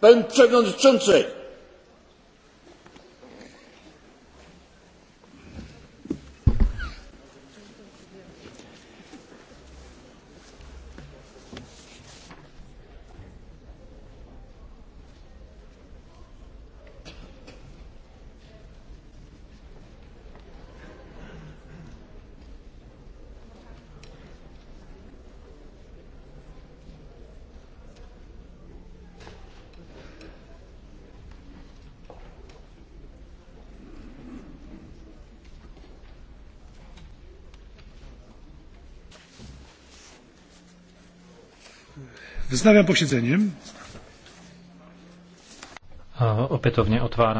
pani Przewodniczący! Wznawiam posiedzenie. Opätovne otváram